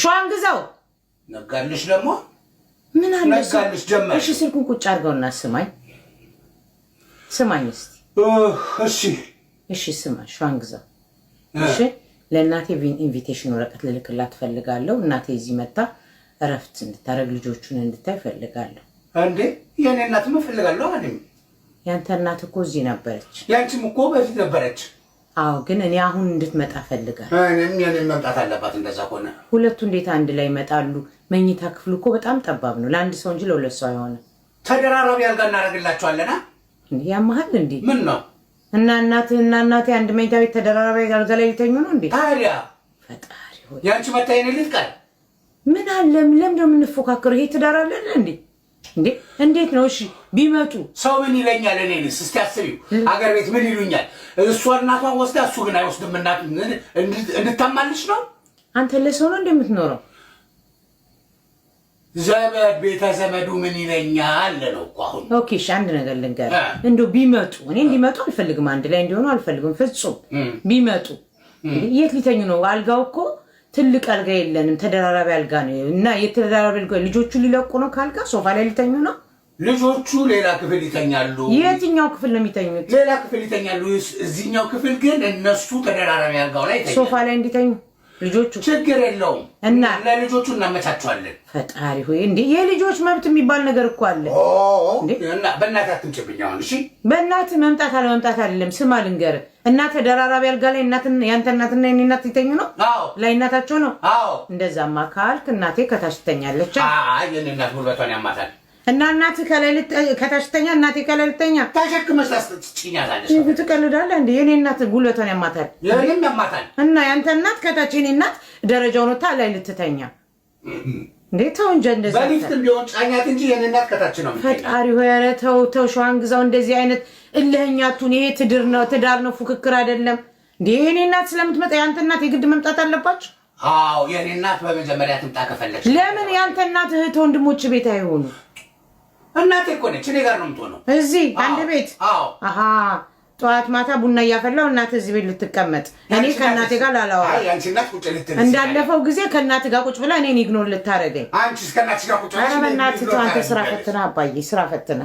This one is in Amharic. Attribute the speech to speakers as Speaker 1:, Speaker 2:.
Speaker 1: ሸዋን ግዛው
Speaker 2: ነጋልሽ ደግሞ
Speaker 1: ምን አለሽ ጀመር። እሺ ስልኩን ቁጭ አድርገውና ስማኝ ስማኝ እስቲ እሺ እሺ ስማ፣ ሸዋን ግዛው እሺ። ለእናቴ ኢንቪቴሽን ወረቀት ልልክላት ፈልጋለሁ። እናቴ እዚህ መታ እረፍት እንድታደርግ ልጆቹን እንድታይ ፈልጋለሁ።
Speaker 2: እንዴ የኔ እናትም ፈልጋለሁ። አንዴ
Speaker 1: ያንተ እናት እኮ እዚህ ነበረች።
Speaker 2: ያንቺም እኮ በፊት ነበረች።
Speaker 1: አዎ ግን እኔ አሁን እንድትመጣ ፈልጋለሁ።
Speaker 2: እኔም መምጣት አለባት። እንደዛ ከሆነ
Speaker 1: ሁለቱ እንዴት አንድ ላይ ይመጣሉ? መኝታ ክፍሉ እኮ በጣም ጠባብ ነው፣ ለአንድ ሰው እንጂ ለሁለት ሰው አይሆንም።
Speaker 2: ተደራራቢ አልጋ እናደርግላቸዋለና።
Speaker 1: ያመሀል እንዴ? ምን ነው እና እና እናቴ አንድ መኝታ ቤት ተደራራቢ አልጋ ላይ ሊተኙ ነው እንዴ? ታዲያ ፈጣሪ ሆይ
Speaker 2: ያንቺ መታየን ልትቀር
Speaker 1: ምን አለ? ለምን ነው የምንፎካከሩ? ይሄ ትዳር አለን እንዴ? እንዴ እንዴት ነው? እሺ ቢመጡ
Speaker 2: ሰው ምን ይለኛል? እኔንስ እስቲ አስቢው። አገር ቤት ምን ይሉኛል? እሷ እናቷን ወስዳ እሱ ግን አይወስድም። እናት እንድታማልች ነው።
Speaker 1: አንተ ለሰው ነው እንደምትኖረው።
Speaker 2: ዘመድ ቤተ ዘመዱ ምን ይለኛል ነው እኮ አሁን።
Speaker 1: ኦኬ እሺ፣ አንድ ነገር ልንገርህ። እንደው ቢመጡ እኔ እንዲመጡ አልፈልግም። አንድ ላይ እንዲሆኑ አልፈልግም ፍጹም። ቢመጡ የት ሊተኙ ነው? አልጋው እኮ ትልቅ አልጋ የለንም፣ ተደራራቢ አልጋ ነው እና የተደራራቢ አልጋ ልጆቹ ሊለቁ ነው ካልጋ ሶፋ ላይ ሊተኙ ነው።
Speaker 2: ልጆቹ ሌላ ክፍል ይተኛሉ።
Speaker 1: የትኛው ክፍል ነው የሚተኙት?
Speaker 2: ሌላ ክፍል ይተኛሉ። እዚህኛው ክፍል ግን እነሱ ተደራራቢ አልጋው ላይ
Speaker 1: ሶፋ ላይ እንዲተኙ ልጆቹ
Speaker 2: ችግር የለውም እና ለልጆቹ እናመቻቸዋለን።
Speaker 1: ፈጣሪ ሆይ እንዴ የልጆች መብት የሚባል ነገር እኮ አለ።
Speaker 2: በእናት አትምጭብኝ ሆን እሺ
Speaker 1: በእናት መምጣት አለመምጣት አይደለም። ስማ ልንገር፣ እናትህ ደራራቢ አልጋ ላይ ያንተ እናትና የኔ እናት ይተኙ ነው ላይ እናታቸው ነው። እንደዛማ ካልክ እናቴ ከታች ትተኛለች።
Speaker 2: የኔ እናት ጉልበቷን ያማታል
Speaker 1: እና እናት ከተሽተኛ እናት ከለልተኛ
Speaker 2: ተሸክመሽ ትጭኛለሽ።
Speaker 1: ትቀልዳለህ እንዴ? የኔ እናት ጉልበቷን ያማታል፣
Speaker 2: የኔም ያማታል።
Speaker 1: እና ያንተ እናት ከታች የኔ እናት ደረጃውን ወታ ላይ ልትተኛ እንዴ? ተው እንጂ እንደዚህ
Speaker 2: በሊፍትም ቢሆን ጫኛት እንጂ የኔ እናት ከታች ነው።
Speaker 1: ፈጣሪ ሆይ ኧረ ተው ተው፣ ሸዋን ግዛው። እንደዚህ አይነት እልህኛቱን ይሄ ትድር ነው ትዳር ነው ፉክክር አይደለም እንዴ? የኔ እናት ስለምትመጣ ያንተ እናት የግድ መምጣት አለባቸው።
Speaker 2: አዎ የኔ እናት በመጀመሪያ ትምጣ ከፈለች።
Speaker 1: ለምን ያንተ እናት እህት ወንድሞች ቤት አይሆኑ
Speaker 2: እናቴ እኮ ነች እኔ ጋር ነው የምትሆነው።
Speaker 1: እዚህ አንድ ቤት አሀ ጠዋት ማታ ቡና እያፈላው እናት እዚህ ቤት ልትቀመጥ እኔ ከእናቴ ጋር ላለዋ እንዳለፈው ጊዜ ከእናት ጋር ቁጭ ብላ እኔን ኢግኖር ልታረገኝ። ኧረ በእናትህ አንተ ስራ ፈትና አባዬ ስራ ፈትና